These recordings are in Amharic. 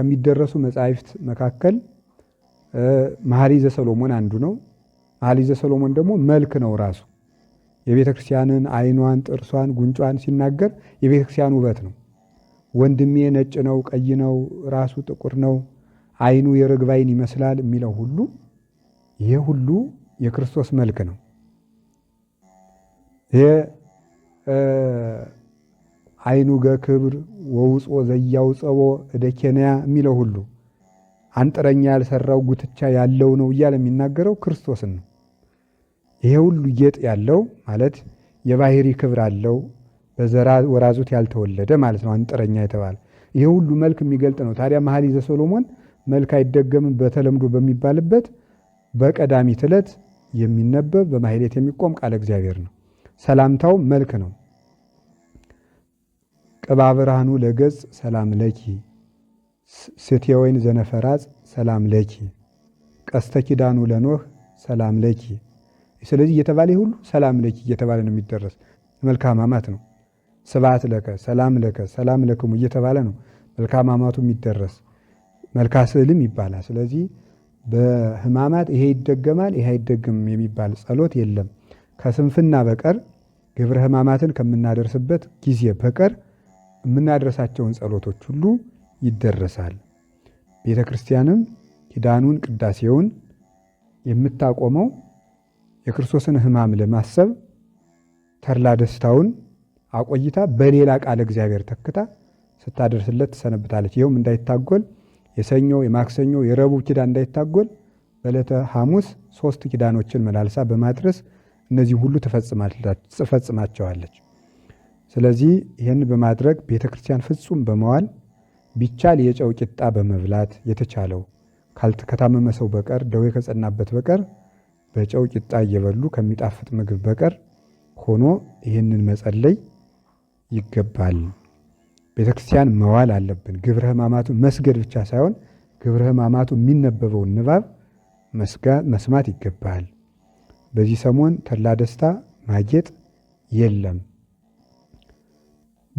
ከሚደረሱ መጻሕፍት መካከል መኃልየ ሰሎሞን አንዱ ነው። መኃልየ ሰሎሞን ደግሞ መልክ ነው ራሱ የቤተ ክርስቲያንን ዓይኗን፣ ጥርሷን፣ ጉንጯን ሲናገር የቤተ ክርስቲያን ውበት ነው። ወንድሜ ነጭ ነው፣ ቀይ ነው፣ ራሱ ጥቁር ነው፣ ዓይኑ የርግብ ዓይን ይመስላል የሚለው ሁሉ ይሄ ሁሉ የክርስቶስ መልክ ነው። ይሄ አይኑገ ክብር ወውፆ ዘያው ጸቦ እደ ኬንያ የሚለው ሁሉ አንጥረኛ ያልሰራው ጉትቻ ያለው ነው እያለ የሚናገረው ክርስቶስን ነው። ይሄ ሁሉ ጌጥ ያለው ማለት የባህሪ ክብር አለው በዘራ ወራዙት ያልተወለደ ማለት ነው። አንጥረኛ የተባለ ይሄ ሁሉ መልክ የሚገልጥ ነው። ታዲያ መኃልየ ሰሎሞን መልክ አይደገምም በተለምዶ በሚባልበት በቀዳሚት ዕለት የሚነበብ በማሕሌት የሚቆም ቃለ እግዚአብሔር ነው። ሰላምታው መልክ ነው። ቅባ ብርሃኑ ለገጽ ሰላም ለኪ ስቴ ወይን ዘነፈራጽ ሰላም ለኪ ቀስተ ኪዳኑ ለኖህ ሰላም ለኪ። ስለዚህ እየተባለ ሁሉ ሰላም ለኪ እየተባለ ነው የሚደረስ መልካም አማት ነው። ስብሐት ለከ ሰላም ለከ ሰላም ለክሙ እየተባለ ነው መልካም አማቱ የሚደረስ መልካ ስዕልም ይባላል። ስለዚህ በህማማት ይሄ ይደገማል ይሄ አይደገምም የሚባል ጸሎት የለም ከስንፍና በቀር ግብረ ህማማትን ከምናደርስበት ጊዜ በቀር የምናደርሳቸውን ጸሎቶች ሁሉ ይደረሳል። ቤተ ክርስቲያንም ኪዳኑን ቅዳሴውን የምታቆመው የክርስቶስን ሕማም ለማሰብ ተድላ ደስታውን አቆይታ በሌላ ቃለ እግዚአብሔር ተክታ ስታደርስለት ትሰነብታለች። ይኸውም እንዳይታጎል የሰኞ የማክሰኞ የረቡዕ ኪዳን እንዳይታጎል በዕለተ ሐሙስ ሶስት ኪዳኖችን መላልሳ በማድረስ እነዚህ ሁሉ ትፈጽማቸዋለች። ስለዚህ ይህን በማድረግ ቤተ ክርስቲያን ፍጹም በመዋል ቢቻል የጨው ቂጣ በመብላት የተቻለው ከታመመ ሰው በቀር ደዌ ከጸናበት በቀር በጨው ቂጣ እየበሉ ከሚጣፍጥ ምግብ በቀር ሆኖ ይህንን መጸለይ ይገባል። ቤተ ክርስቲያን መዋል አለብን። ግብረ ሕማማቱ መስገድ ብቻ ሳይሆን ግብረ ሕማማቱ የሚነበበውን ንባብ መስማት ይገባል። በዚህ ሰሞን ተላ ደስታ ማጌጥ የለም።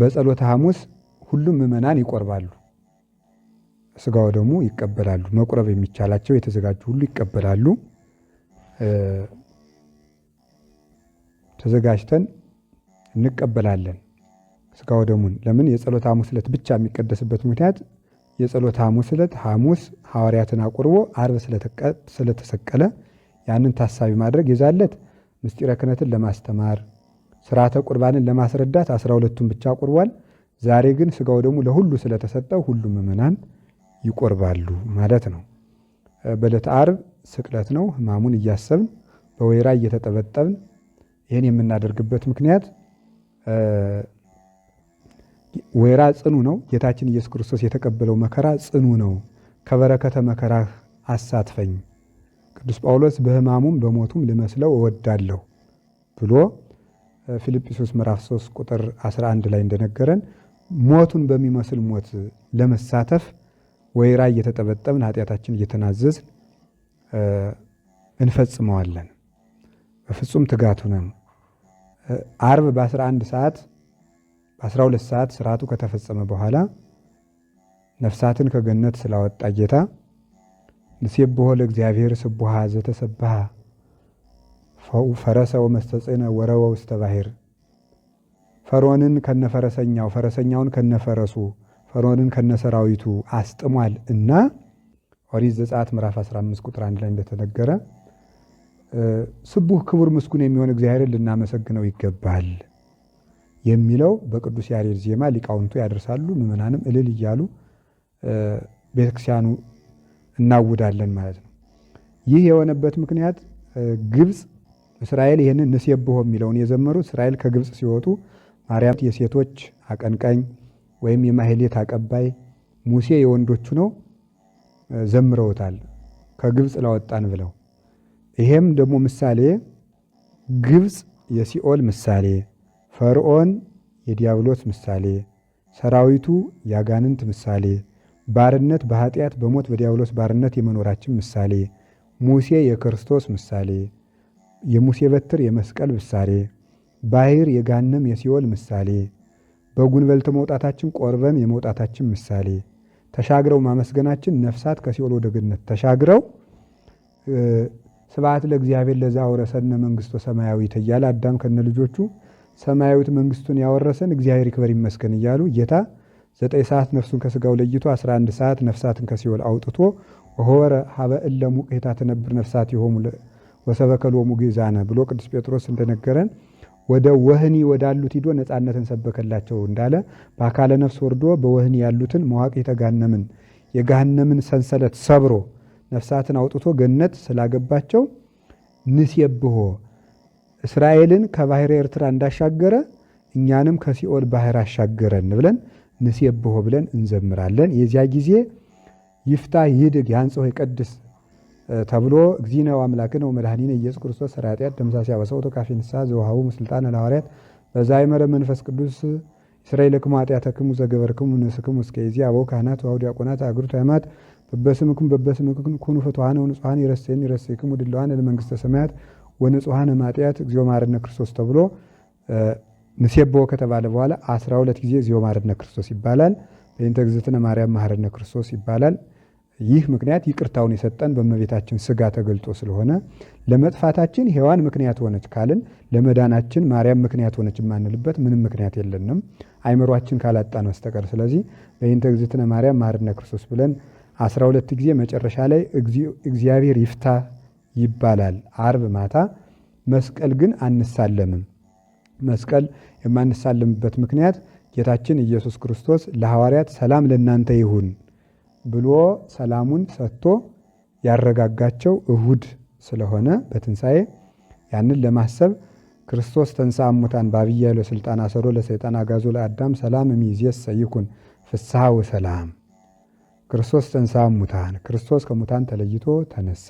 በጸሎተ ሐሙስ ሁሉም ምዕመናን ይቆርባሉ። ስጋው ደግሞ ይቀበላሉ። መቁረብ የሚቻላቸው የተዘጋጁ ሁሉ ይቀበላሉ። ተዘጋጅተን እንቀበላለን ስጋው ደሙን። ለምን የጸሎተ ሐሙስ ዕለት ብቻ የሚቀደስበት ምክንያት የጸሎተ ሐሙስ ዕለት ሐሙስ ሐዋርያትን አቁርቦ አርብ ስለተሰቀለ ያንን ታሳቢ ማድረግ የዛለት ምስጢረ ክህነትን ለማስተማር ስርዓተ ቁርባንን ለማስረዳት አስራ ሁለቱን ብቻ ቁርቧል። ዛሬ ግን ስጋው ደግሞ ለሁሉ ስለተሰጠው ሁሉም ምእመናን ይቆርባሉ ማለት ነው። በዕለተ ዓርብ ስቅለት ነው። ህማሙን እያሰብን በወይራ እየተጠበጠብን ይህን የምናደርግበት ምክንያት ወይራ ጽኑ ነው። ጌታችን ኢየሱስ ክርስቶስ የተቀበለው መከራ ጽኑ ነው። ከበረከተ መከራህ አሳትፈኝ፣ ቅዱስ ጳውሎስ በህማሙም በሞቱም ልመስለው እወዳለሁ ብሎ ፊልጵሶስ ምዕራፍ 3 ቁጥር 11 ላይ እንደነገረን ሞቱን በሚመስል ሞት ለመሳተፍ ወይራ እየተጠበጠብን ኃጢአታችን እየተናዘዝን እንፈጽመዋለን። በፍጹም ትጋቱ ነው። አርብ በ11 ሰዓት በ12 ሰዓት ስርዓቱ ከተፈጸመ በኋላ ነፍሳትን ከገነት ስላወጣ ጌታ ንሴብሖ ለእግዚአብሔር ስቡሃ ዘተሰብሃ ፈረሰ ወመስተጽእነ ወረወ ውስተ ባሕር ፈርዖንን ከነፈረሰኛው ፈረሰኛውን ከነፈረሱ ፈርዖንን ከነሰራዊቱ አስጥሟል እና ኦሪት ዘጸአት ምዕራፍ 15 ቁጥር 1 ላይ እንደተነገረ ስቡህ ክቡር ምስጉን የሚሆን እግዚአብሔርን ልናመሰግነው ይገባል የሚለው በቅዱስ ያሬድ ዜማ ሊቃውንቱ ያደርሳሉ። ምዕመናንም እልል እያሉ ቤተክርስቲያኑ እናውዳለን ማለት ነው። ይህ የሆነበት ምክንያት ግብፅ እስራኤል ይህንን ንሴብሖ የሚለውን የዘመሩት እስራኤል ከግብፅ ሲወጡ ማርያም የሴቶች አቀንቃኝ ወይም የማህሌት አቀባይ፣ ሙሴ የወንዶቹ ነው ዘምረውታል ከግብፅ ላወጣን ብለው። ይሄም ደግሞ ምሳሌ ግብፅ የሲኦል ምሳሌ፣ ፈርዖን የዲያብሎስ ምሳሌ፣ ሰራዊቱ የአጋንንት ምሳሌ፣ ባርነት በኃጢአት በሞት በዲያብሎስ ባርነት የመኖራችን ምሳሌ፣ ሙሴ የክርስቶስ ምሳሌ የሙሴ በትር የመስቀል ምሳሌ፣ ባሕር የጋነም የሲኦል ምሳሌ፣ በጉን መውጣታችን ቆርበን የመውጣታችን ምሳሌ፣ ተሻግረው ማመስገናችን ነፍሳት ከሲኦል ወደ ገነት ተሻግረው ስብዓት ለእግዚአብሔር ለዛ አወረሰነ መንግስቶ ሰማያዊት እያለ አዳም ከነ ልጆቹ ሰማያዊት መንግስቱን ያወረሰን እግዚአብሔር ይክበር ይመስገን እያሉ ጌታ ዘጠኝ ሰዓት ነፍሱን ከስጋው ለይቶ 11 ሰዓት ነፍሳትን ከሲኦል አውጥቶ ሆረ ሀበ እለ ሙቅ ተነብር ነፍሳት የሆሙ ወሰበከሎሙ ግእዛነ ብሎ ቅዱስ ጴጥሮስ እንደነገረን ወደ ወህኒ ወዳሉት ሂዶ ነፃነትን ሰበከላቸው እንዳለ በአካለ ነፍስ ወርዶ በወህኒ ያሉትን መዋቅ የተጋነምን የጋነምን ሰንሰለት ሰብሮ ነፍሳትን አውጥቶ ገነት ስላገባቸው ንሴብሖ እስራኤልን ከባህር ኤርትራ እንዳሻገረ እኛንም ከሲኦል ባህር አሻገረን ብለን ንሴብሖ ብለን እንዘምራለን። የዚያ ጊዜ ይፍታ ይድግ ያንጽሖ ይቀድስ ተብሎ እግዚእነ ወአምላክነ ወመድኃኒነ ኢየሱስ ክርስቶስ ሠራዊ ኃጢአት ደምሳሴ አበሰው ተካፌ ንስሐ ዘውሃቡ ስልጣነ ለሐዋርያት በዛይመረ መንፈስ ቅዱስ እስራኤልክሙ ኃጢአተክሙ ዘገበርክሙ ንስክሙ እስከ ዚያ አበው ካህናት ወአሐዱ ዲያቆናት አግሩ ተማት በበስምኩም በበስምኩም ኩኑ ፍትሐነ ወንጹሐነ ይረሰይን ይረሰይክሙ ድለዋን ለመንግስተ ሰማያት ወንጹሐነ ማጥያት እግዚኦ ማረነ ክርስቶስ ተብሎ ንሴብሖ ከተባለ በኋላ አስራ ሁለት ጊዜ እግዚኦ ማረነ ክርስቶስ ይባላል። በእንተ እግዝእትነ ማርያም ማረነ ክርስቶስ ይባላል። ይህ ምክንያት ይቅርታውን የሰጠን በእመቤታችን ስጋ ተገልጦ ስለሆነ ለመጥፋታችን ሔዋን ምክንያት ሆነች ካልን ለመዳናችን ማርያም ምክንያት ሆነች የማንልበት ምንም ምክንያት የለንም አይምሯችን ካላጣን በስተቀር። ስለዚህ በይንተ እግዝእትነ ማርያም ማርነ ክርስቶስ ብለን አስራ ሁለት ጊዜ መጨረሻ ላይ እግዚአብሔር ይፍታ ይባላል አርብ ማታ። መስቀል ግን አንሳለምም። መስቀል የማንሳለምበት ምክንያት ጌታችን ኢየሱስ ክርስቶስ ለሐዋርያት ሰላም ለእናንተ ይሁን ብሎ ሰላሙን ሰጥቶ ያረጋጋቸው እሁድ ስለሆነ በትንሣኤ ያንን ለማሰብ ክርስቶስ ተንሥአ እሙታን በዐቢይ ኃይል ወሥልጣን አሰሮ ለሰይጣን አግዓዞ ለአዳም ሰላም እምይእዜሰ ይኩን ፍስሐ ወሰላም። ክርስቶስ ተንሥአ እሙታን ክርስቶስ ከሙታን ተለይቶ ተነሳ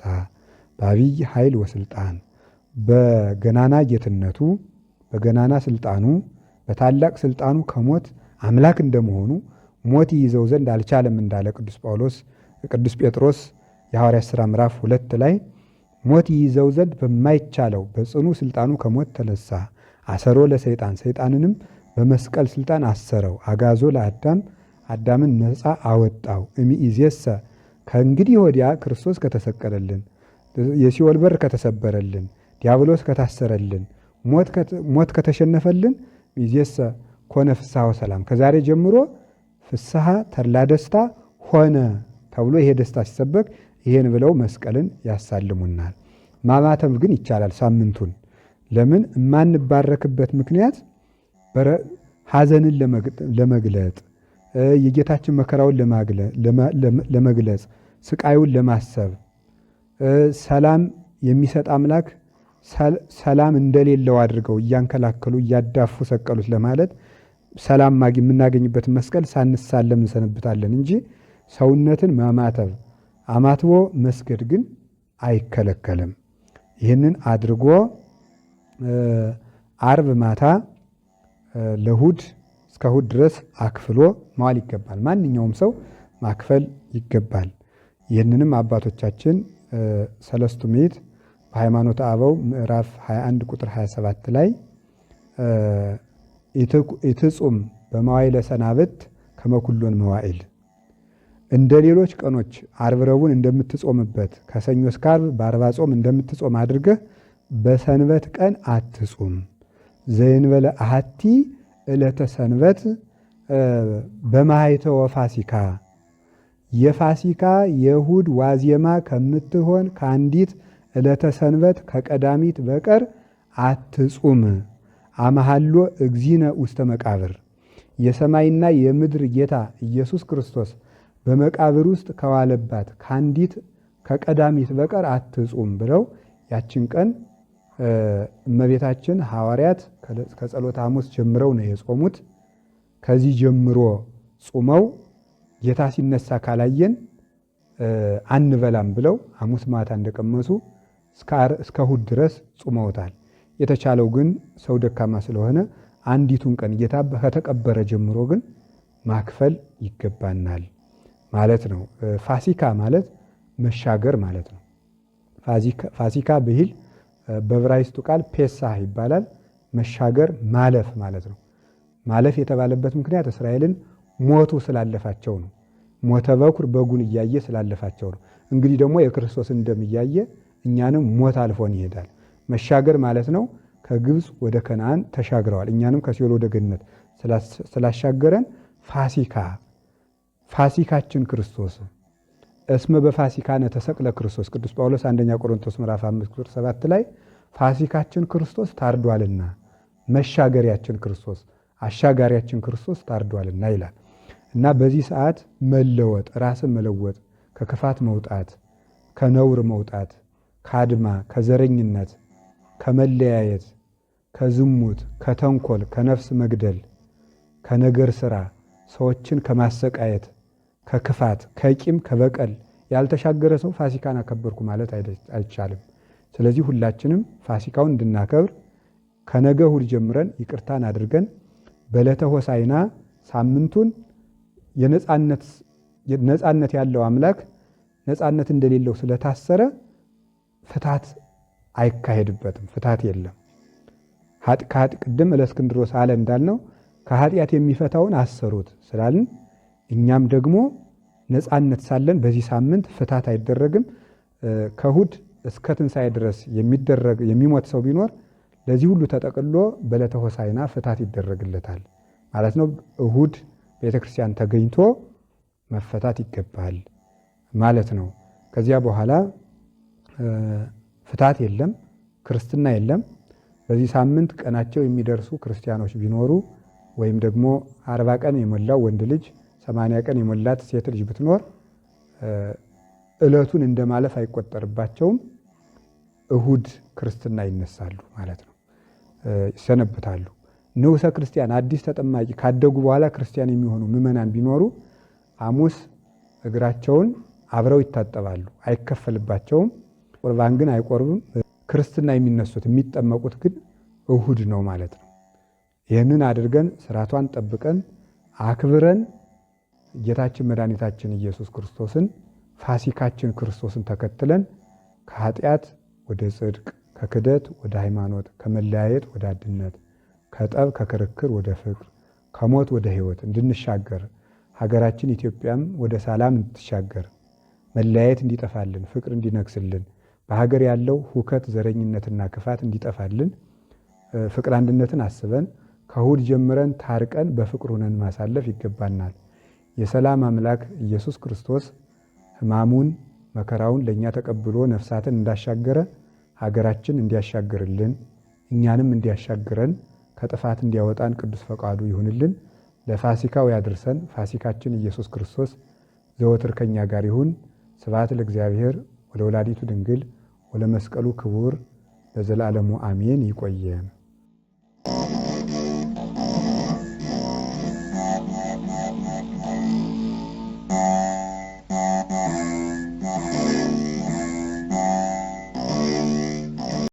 በዐቢይ ኃይል ወሥልጣን በገናና ጌትነቱ በገናና ስልጣኑ በታላቅ ስልጣኑ ከሞት አምላክ እንደመሆኑ ሞት ይይዘው ዘንድ አልቻለም እንዳለ ቅዱስ ጳውሎስ ቅዱስ ጴጥሮስ የሐዋርያ ሥራ ምዕራፍ ሁለት ላይ ሞት ይይዘው ዘንድ በማይቻለው በጽኑ ስልጣኑ ከሞት ተነሳ፣ አሰሮ ለሰይጣን ሰይጣንንም በመስቀል ስልጣን አሰረው፣ አጋዞ ለአዳም አዳምን ነፃ አወጣው። እምይእዜሰ ከእንግዲህ ወዲያ ክርስቶስ ከተሰቀለልን፣ የሲኦል በር ከተሰበረልን፣ ዲያብሎስ ከታሰረልን፣ ሞት ከተሸነፈልን፣ እምይእዜሰ ኮነ ፍስሐ ወሰላም ከዛሬ ጀምሮ ፍስሐ ተድላ ደስታ ሆነ ተብሎ ይሄ ደስታ ሲሰበክ ይሄን ብለው መስቀልን ያሳልሙናል። ማማተብ ግን ይቻላል ሳምንቱን። ለምን የማንባረክበት ምክንያት ሐዘንን ለመግለጥ የጌታችን መከራውን ለመግለጽ ስቃዩን ለማሰብ ሰላም የሚሰጥ አምላክ ሰላም እንደሌለው አድርገው እያንከላከሉ እያዳፉ ሰቀሉት ለማለት ሰላም የምናገኝበትን መስቀል ሳንሳለም እንሰነብታለን እንጂ ሰውነትን ማማተብ አማትቦ መስገድ ግን አይከለከልም። ይህንን አድርጎ አርብ ማታ ለሁድ እስከ እሑድ ድረስ አክፍሎ መዋል ይገባል። ማንኛውም ሰው ማክፈል ይገባል። ይህንንም አባቶቻችን ሰለስቱ ምዕት በሃይማኖት አበው ምዕራፍ 21 ቁጥር 27 ላይ ኢትጹም በመዋይለ ሰናብት ከመኩሎን መዋዕል እንደ ሌሎች ቀኖች ዓርብ ረቡዕን እንደምትጾምበት ከሰኞ እስከ ዓርብ በአርባ ጾም እንደምትጾም አድርገህ በሰንበት ቀን አትጹም። ዘይንበለ አሐቲ ዕለተ ሰንበት በማይተወ ፋሲካ የፋሲካ የእሑድ ዋዜማ ከምትሆን ከአንዲት ዕለተ ሰንበት ከቀዳሚት በቀር አትጹም። አመሃሎ እግዚነ ውስተ መቃብር የሰማይና የምድር ጌታ ኢየሱስ ክርስቶስ በመቃብር ውስጥ ከዋለባት ከአንዲት ከቀዳሚት በቀር አትጹም ብለው ያችን ቀን እመቤታችን ሐዋርያት ከጸሎተ ሐሙስ ጀምረው ነው የጾሙት። ከዚህ ጀምሮ ጾመው ጌታ ሲነሳ ካላየን አንበላም ብለው ሐሙስ ማታ እንደቀመሱ እስከ ሁድ ድረስ ጾመውታል። የተቻለው ግን ሰው ደካማ ስለሆነ አንዲቱን ቀን ጌታ ከተቀበረ ጀምሮ ግን ማክፈል ይገባናል ማለት ነው። ፋሲካ ማለት መሻገር ማለት ነው። ፋሲካ ብሂል በዕብራይስጡ ቃል ፔሳህ ይባላል። መሻገር ማለፍ ማለት ነው። ማለፍ የተባለበት ምክንያት እስራኤልን ሞቱ ስላለፋቸው ነው። ሞተ በኩር በጉን እያየ ስላለፋቸው ነው። እንግዲህ ደግሞ የክርስቶስን ደም እያየ እኛንም ሞት አልፎን ይሄዳል። መሻገር ማለት ነው። ከግብፅ ወደ ከነአን ተሻግረዋል። እኛንም ከሲኦል ወደ ገነት ስላሻገረን ፋሲካ ፋሲካችን ክርስቶስ እስመ በፋሲካነ ተሰቅለ ክርስቶስ ቅዱስ ጳውሎስ አንደኛ ቆሮንቶስ ምዕራፍ አምስት ቁጥር ሰባት ላይ ፋሲካችን ክርስቶስ ታርዷልና መሻገሪያችን ክርስቶስ አሻጋሪያችን ክርስቶስ ታርዷልና ይላል እና በዚህ ሰዓት መለወጥ፣ ራስን መለወጥ፣ ከክፋት መውጣት፣ ከነውር መውጣት፣ ከአድማ ከዘረኝነት ከመለያየት፣ ከዝሙት፣ ከተንኮል፣ ከነፍስ መግደል፣ ከነገር ሥራ፣ ሰዎችን ከማሰቃየት፣ ከክፋት፣ ከቂም፣ ከበቀል ያልተሻገረ ሰው ፋሲካን አከበርኩ ማለት አይቻልም። ስለዚህ ሁላችንም ፋሲካውን እንድናከብር ከነገ እሑድ ጀምረን ይቅርታን አድርገን በዕለተ ሆሳዕና ሳምንቱን ነፃነት ያለው አምላክ ነፃነት እንደሌለው ስለታሰረ ፍታት አይካሄድበትም፣ ፍታት የለም። ከሀጥ ቅድም እለእስክንድሮስ አለ እንዳልነው ከኃጢአት የሚፈታውን አሰሩት ስላልን እኛም ደግሞ ነፃነት ሳለን በዚህ ሳምንት ፍታት አይደረግም። ከእሁድ እስከ ትንሣኤ ድረስ የሚደረግ የሚሞት ሰው ቢኖር ለዚህ ሁሉ ተጠቅሎ በዕለተ ሆሳዕና ፍታት ይደረግለታል ማለት ነው። እሁድ ቤተ ክርስቲያን ተገኝቶ መፈታት ይገባል ማለት ነው። ከዚያ በኋላ ፍታት የለም፣ ክርስትና የለም። በዚህ ሳምንት ቀናቸው የሚደርሱ ክርስቲያኖች ቢኖሩ ወይም ደግሞ አርባ ቀን የሞላው ወንድ ልጅ ሰማንያ ቀን የሞላት ሴት ልጅ ብትኖር እለቱን እንደማለፍ አይቆጠርባቸውም። እሁድ ክርስትና ይነሳሉ ማለት ነው፣ ይሰነብታሉ። ንዑሰ ክርስቲያን አዲስ ተጠማቂ ካደጉ በኋላ ክርስቲያን የሚሆኑ ምዕመናን ቢኖሩ ሐሙስ እግራቸውን አብረው ይታጠባሉ፣ አይከፈልባቸውም። ቁርባን ግን አይቆርብም። ክርስትና የሚነሱት የሚጠመቁት ግን እሁድ ነው ማለት ነው። ይህንን አድርገን ስርዓቷን ጠብቀን አክብረን ጌታችን መድኃኒታችን ኢየሱስ ክርስቶስን ፋሲካችን ክርስቶስን ተከትለን ከኃጢአት ወደ ጽድቅ፣ ከክደት ወደ ሃይማኖት፣ ከመለያየት ወደ አንድነት፣ ከጠብ ከክርክር ወደ ፍቅር፣ ከሞት ወደ ሕይወት እንድንሻገር ሀገራችን ኢትዮጵያም ወደ ሰላም እንድትሻገር መለያየት እንዲጠፋልን፣ ፍቅር እንዲነግስልን በሀገር ያለው ሁከት፣ ዘረኝነትና ክፋት እንዲጠፋልን ፍቅር አንድነትን አስበን ከእሁድ ጀምረን ታርቀን በፍቅር ሆነን ማሳለፍ ይገባናል። የሰላም አምላክ ኢየሱስ ክርስቶስ ሕማሙን መከራውን ለእኛ ተቀብሎ ነፍሳትን እንዳሻገረ ሀገራችን እንዲያሻግርልን እኛንም እንዲያሻግረን ከጥፋት እንዲያወጣን ቅዱስ ፈቃዱ ይሁንልን። ለፋሲካው ያድርሰን። ፋሲካችን ኢየሱስ ክርስቶስ ዘወትር ከኛ ጋር ይሁን። ስብሐት ለእግዚአብሔር ወለወላዲቱ ድንግል ወለመስቀሉ ክቡር ለዘላለሙ አሜን። ይቆየን።